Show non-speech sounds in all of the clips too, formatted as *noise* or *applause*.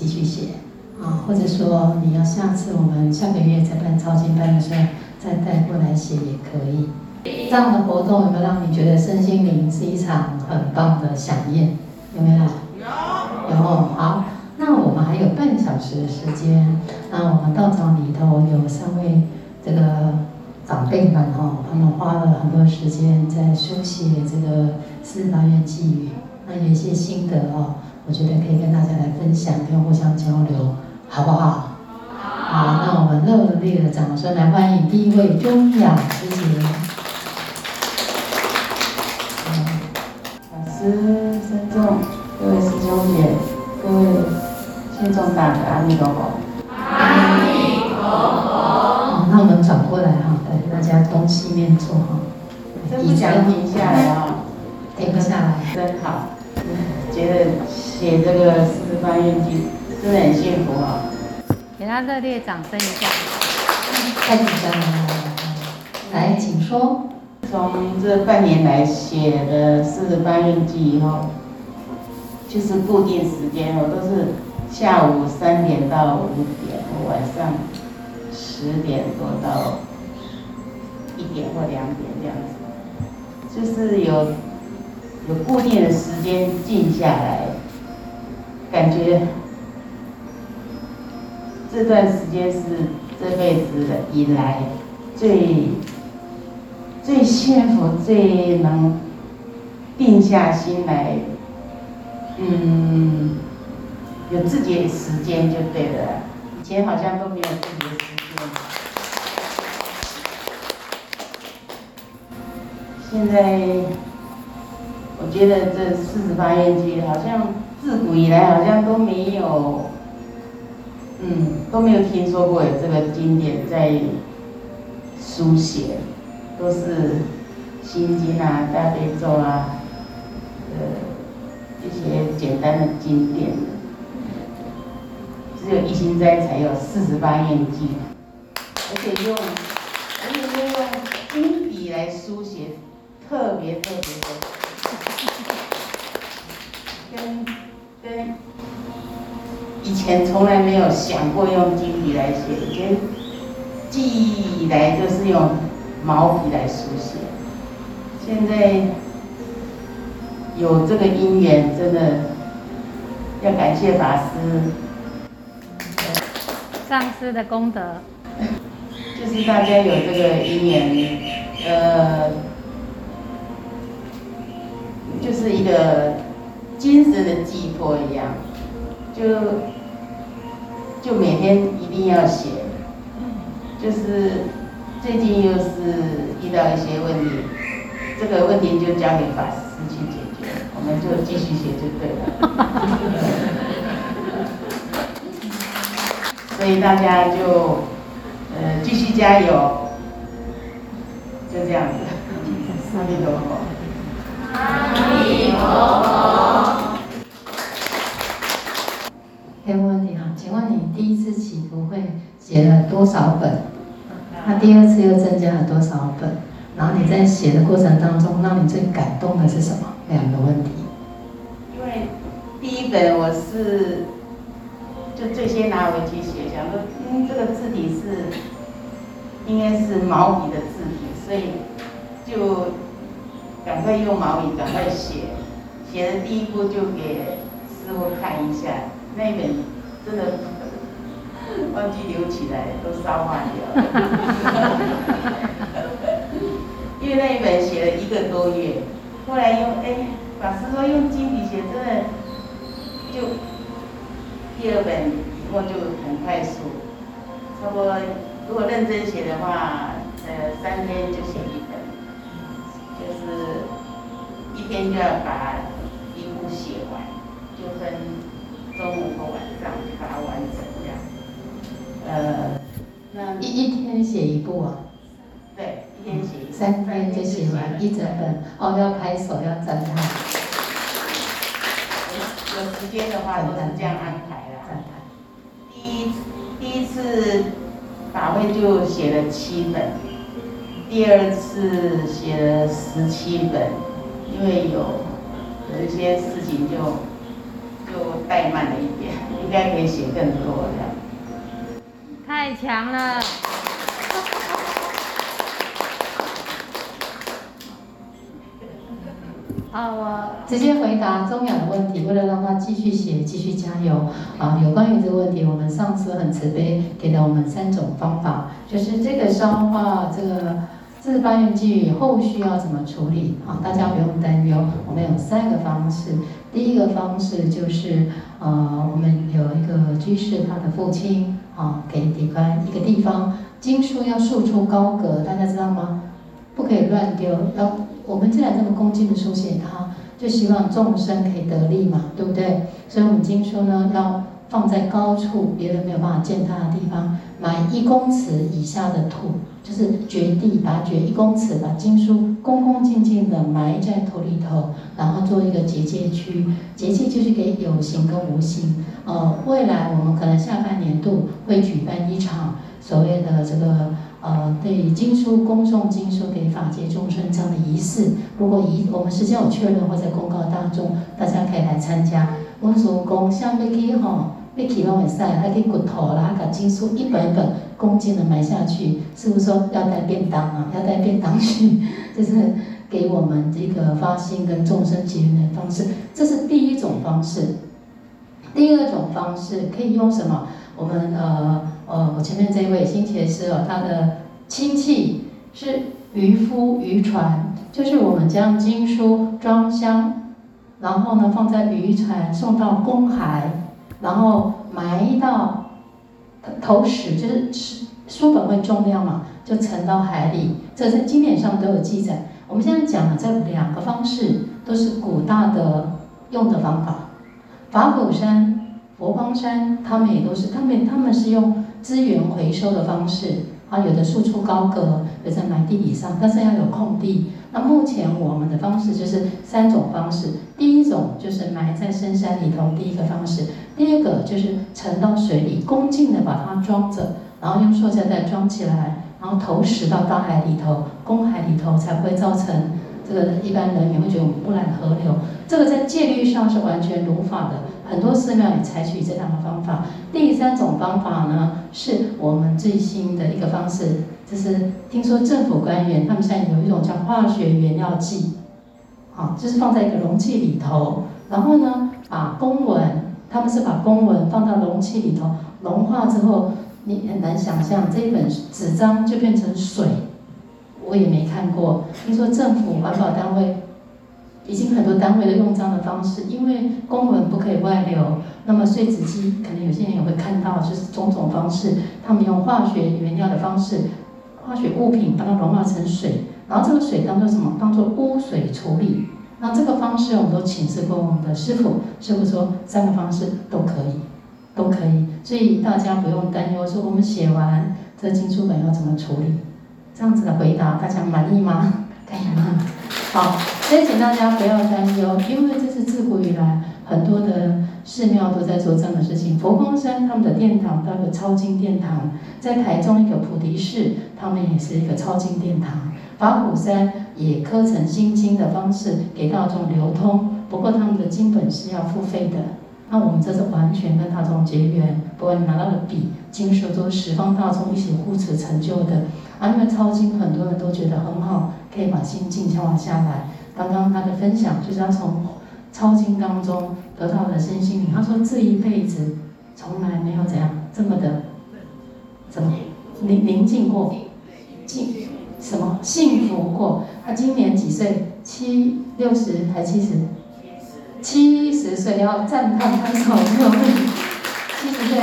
繼續寫啊，或者說你要下次我們下個月再辦抄經班的時候再帶過來寫也可以。這樣的活動有沒有讓你覺得身心靈是一場很棒的饗宴？有沒有？有有、哦，好，那我們還有半小時的時間。那我們道場裡頭有三位這個長輩們哈、哦，他們花了很多時間在書寫這個《四十八願偈語》，那有一些心得哦。我覺得可以跟大家來分享，跟互相交流，好不好？好，好，那我們熱烈的掌聲來歡迎第一位中陽師姐。嗯好，好老師，尊重各位師兄姐，各位，先做師感恩禮哦。南無阿彌陀佛。好，那我們轉過來哈，帶大家東西面坐哈，一講子停下來啊停、嗯、不下來。真好。寫這個四十八願偈，真的很幸福啊！給他熱烈掌聲一下，太緊張了。來，請說。從這半年來寫的四十八願偈以後，就是固定時間，我都是下午三點到五點，我晚上十點多到一點或兩點這樣子，就是有有固定的時間靜下來。感覺這段時間是這輩子以來最最幸福、最能定下心來，嗯，有自己的時間就對了。以前好像都沒有自己的時間。現在我覺得這四十八願偈好像。自古以來好像都沒有，嗯，都沒有聽說過有這個經典在書寫，都是《心經》啊，《大悲咒》啊，呃，一些簡單的經典，只、就、有、是、一心齋才有四十八願經，而且用，而且用金筆來書寫，特別特別的，跟。對，以前從來沒有想過用金筆來寫，以前記憶以來就是用毛筆來書寫。現在有這個因緣，真的要感謝法師、上師的功德，就是大家有這個因緣，呃，就是一個。精神的寄託一樣，就就每天一定要寫，就是最近又是遇到一些問題，這個問題就交給法師去解決，我們就繼續寫就對了。 *laughs* 所以大家就呃繼續加油，就這樣子。 *laughs* 阿彌陀佛。阿彌陀佛。問題哈，請問你第一次起步會寫了多少本？那後第二次又增加了多少本？然後你在寫的過程當中，嗯、讓你最感動的是什麼？兩個問題。因為第一本我是就最先拿回去寫，想說，嗯，這個字體是應該是毛筆的字體，所以就趕快用毛筆趕快寫，寫的第一步就給師父看一下。那一本真的忘記留起來，都燒化掉了。 *laughs* 因為那一本寫了一個多月，後來用哎、老、欸、師說用金筆寫真的就第二本以後就很快速，差不多如果認真寫的話，呃，三天就寫一本，就是一天就要把一部寫完，就分中午和晚上把它完成，這樣。這樣呃，那一一天寫一部啊？對，一天寫。嗯、三天就寫完一整本，哦，要拍手，要讚歎、欸、有時間的話，能這樣安排了，啊，安排、嗯。第一第一次法會就寫了七本，第二次寫了十七本，因為有有一些事情就。怠慢了一點，應該可以寫更多的。太強了！啊， *laughs* 我直接回答鍾仰的問題，為了讓他繼續寫，繼續加油。啊，有關於這個問題，我們上次很慈悲，給了我們三種方法，就是這個燒化這個。這是八月以後需要怎麼處理？好，大家不用擔憂，我們有三個方式。第一個方式就是，呃，我們有一個居士，他的父親啊、喔，給底關一個地方，經書要束出高閣，大家知道嗎？不可以亂丟，要我們既然這麼恭敬地書寫它，就希望眾生可以得利嘛，對不對？所以我們經書呢，要放在高處，別人沒有辦法見他的地方。埋一公尺以下的土，就是掘地把掘一公尺，把經書恭恭敬敬的埋在土裡頭，然後做一個結界區。結界就是給有形跟無形。呃，未來我們可能下半年度會舉辦一場所謂的這個呃對於經書，恭送經書給法界眾生這樣的儀式。如果儀我們時間有確認或在公告當中，大家可以來參加。溫主公下尾期吼。被提到很曬，他滴骨頭啦，還把經書一本一本恭敬的埋下去。師傅說要帶便當啊，要帶便當去，這，就是給我們這個發心跟眾生結緣的方式。這是第一種方式。第二種方式可以用什麼？我們呃呃，我前面這位新結士哦，他的親戚是漁夫、漁船，就是我們將經書裝箱，然後呢，放在漁船送到公海。然後埋到頭屎，就是書本會重量嘛，就沉到海裡。這在經典上都有記載。我們現在講的這兩個方式，都是古代的用的方法。法鼓山、佛光山，他們也都是，他們他們是用資源回收的方式。啊，有的束之高閣，有的埋地以上，但是要有空地。那目前我們的方式就是三種方式，第一種就是埋在深山裡頭，第一個方式；第二個就是沉到水裡，恭敬的把它裝着，然後用塑料袋裝起來，然後投食到大海裡頭、公海裡頭，才不會造成。這個一般人也會覺得我們污染河流，這個在戒律上是完全如法的。很多寺廟也採取個這樣的方法。第三種方法呢，是我們最新的一個方式，就是聽說政府官員他們現在有一種叫化學原料劑，啊，就是放在一個容器裡頭，然後呢，把公文，他們是把公文放到容器裡頭，融化之後，你很難想象這一本紙張就變成水。我也沒看過，聽說政府環保單位已經很多單位都用這樣的方式，因為公文不可以外流。那麼碎紙機可能有些人也會看到，就是種種方式，他們用化學原料的方式，化學物品把它融化成水，然後這個水當作什麼？當作污水處理。那這個方式我們都請示過我們的師傅，師傅說三個方式都可以，都可以。所以大家不用擔憂，說我們寫完這經書本要怎麼處理？這樣子的回答，大家滿意嗎？可以嗎？好，所以請大家不要擔憂，因為這是自古以來很多的寺廟都在做這樣的事情。佛光山他們的殿堂，一個抄經殿堂，在台中一個菩提寺，他們也是一個抄經殿堂。法鼓山也刻成心經的方式給大眾流通，不過他們的經本是要付費的。那我們這是完全跟大眾結緣，不管你拿到了筆，經書都是十方大眾一起護持成就的。啊，因為抄經很多人都覺得很好，可以把心靜下來下來。剛剛他的分享就是他從抄經當中得到的身心靈。他說這一輩子從來沒有怎樣這麼的，怎麼寧寧靜過，靜什麼幸福過？他今年幾歲？七六十還七十？七。十歲要讚嘆他從沒有，七十歲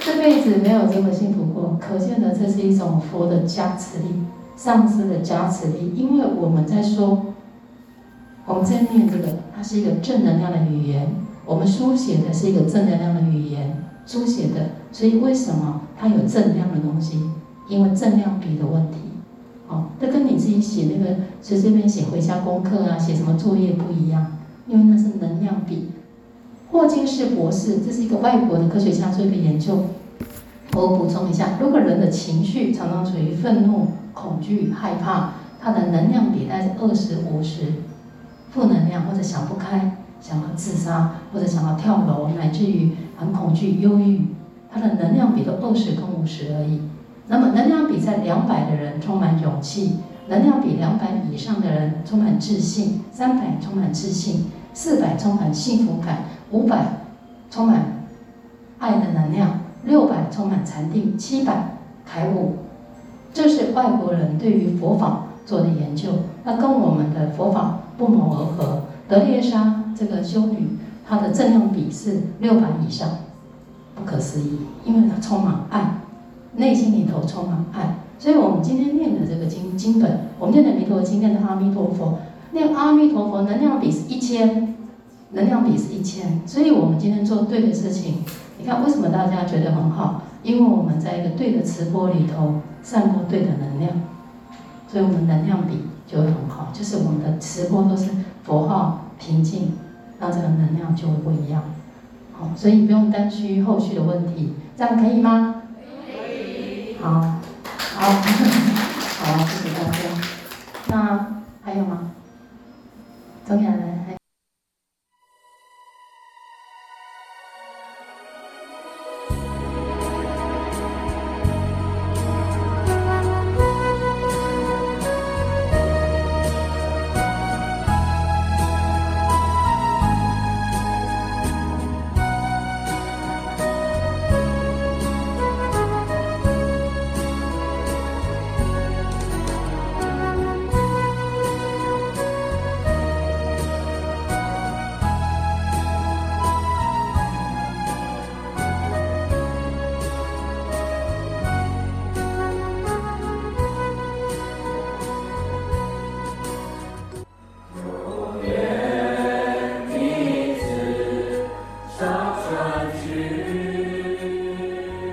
這輩子沒有這麼幸福過，可見的這是一種佛的加持力，上師的加持力。因為我們在說，我們在念這個，它是一個正能量的語言，我們書寫的是一個正能量的語言，書寫的，所以為什麼它有正量的東西？因為正量比的問題。哦，這跟你自己寫那個隨隨便寫回家功課啊，寫什麼作業不一樣。因為那是能量比，霍金是博士，這是一個外國的科學家做一個研究。我補充一下，如果人的情緒常常處於憤怒、恐懼、害怕，他的能量比大概二十五十，負能量或者想不開、想要自殺或者想要跳樓，乃至於很恐懼、憂鬱，他的能量比都二十跟五十而已。那麼能量比在兩百的人充滿勇氣。能量比兩百以上的人充滿自信，三百充滿自信，四百充滿幸福感，五百充滿愛的能量，六百充滿禪定，七百開悟。這是外國人對於佛法做的研究，那跟我們的佛法不謀而合。德列莎這個修女，她的正能量比是六百以上，不可思議，因為她充滿愛，內心裡頭充滿愛。所以，我們今天念的這個經經本，我們念的彌陀經，念的阿彌陀佛，念阿彌陀佛能量比是一千，能量比是一千。所以，我們今天做對的事情，你看為什麼大家覺得很好？因為我們在一個對的直播裡頭，散播對的能量，所以我們能量比就會很好。就是我們的直播都是佛號平靜，那這個能量就會不一樣。好，所以不用擔心後續的問題，這樣可以嗎？可以。好。Oh. *laughs* 好、啊，好，謝謝大家。那還有嗎？總演的。